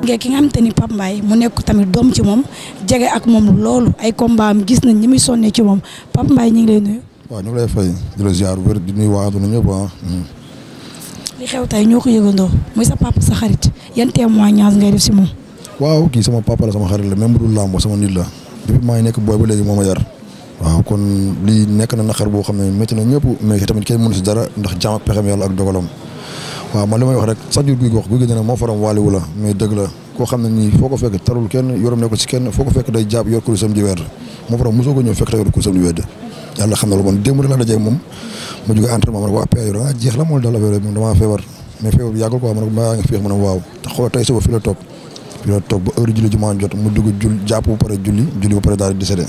jege ki nga xamante ni Pape Mbaye mu nekk tamit doom ci moom jege ak moom loolu ay combat am gis nañ ñi muy sonnee ci moom Pape Mbaye ñu ngi lay nuyu. waaw ñu ngi lay fay di la ziar wér waa àdduna ah. xew tey ñoo ko yëgandoo muy sa papa sa xarit yan témoignage ngay def si moom. waaw kii sama papa la sama xarit la même bu sama nit la depuis maa nekk booy ba léegi moo ma yar. waaw kon lii nekk na naqar boo xam ne métti na ñëpp mais tamit kenn mënu si dara ndax jaam ak pexem yàlla ak dogalam waaw man li may wax rek chaque jour guy wax guy gi moo faram waaliwu la mais dëgg la koo xam ne nii foo ko fekk tarul kenn yorom nekkul ko fekk day jàpp ko ñëw fekk te yor kursam di weer yàlla xam na lu bon démb rek moom mu jóge ah la mool dal affaire moom damaa feebar ko maa ngi féex ma ne waaw te xool tey suba fi la toog fi la toog ba heure julli jumaa jot mu dugg jàpp ba pare julli julli ba pare daal di décédé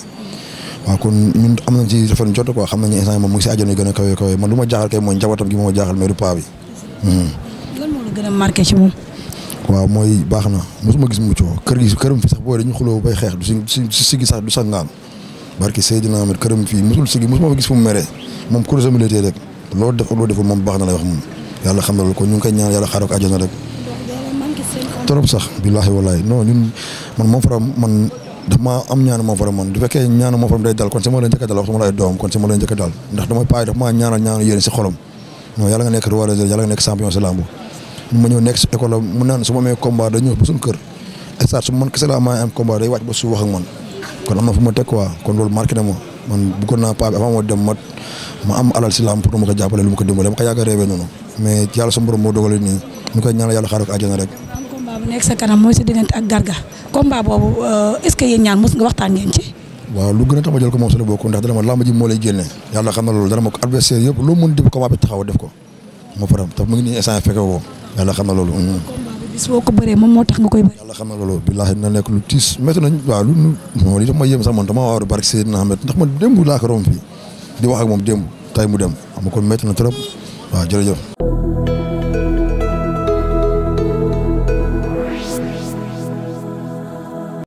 waaw kon ñun am na ci rafet jot quoi xam nañu instant moom mu ngi si àjjana gën a kawe man lu ma jaaxal kay mooy njabootam gi moo ma jaaxal mais du hmm. waaw mooy baax na mosuma gis mu coow kër gi këram fi sax booy dañu xuloo bay xeex du si si sigi sax du sangaan barki Seydina Ahmed këram fii mosul sigi mosuma fa gis fu mu meree moom kuréelam la rek loolu def ak loolu deful moom baax na la wax moom yàlla xam na loolu kon ñu ngi koy ñaan yàlla xaaral ko àjjana rek. trop sax billaahi wallaahi non ñun moom faram man daf maa am ñaanu ma faram man du fekkee ñaanu ma faram day dal kon sama lay njëkk a dal wax sama lay doom kon sama lay njëkk a ndax damay paay daf maa ñaanal ñaanu yéen si xolam non yàlla nga nekk roi des yàlla nga si lamb man kon am na fu ma teg quoi kon loolu marqué na ma man bëggoon naa paa ma am alal si lamb pour ma ko jàppale lu ma ko dimbale ma ko yàgg a réewee noonu mais yàlla sama borom moo dogalee nii ñu koy ñaanal yàlla xaaral ko àjjana rek combat bu nekk sa kanam mooy sa diggante ak garga combat boobu euh, est-ce que yéen ñaar nga waxtaan ngeen ci. waaw lu gën a ko moom sunu bokk ndax dana ma ji lay ko adversaire yëpp ko taxaw def ko mo faram tax mu ngi nii instant fekke woo yàlla xam na loolu. Mm-hmm. bis boo ko bëree moom tax nga koy bëri. yàlla xam na loolu billaahi dina nekk lu tiis métti nañ waaw lu moom li daf ma yëm sax man dama waaru barke Seydina Ahmed ndax man démb ko di wax ak tay mu dem na trop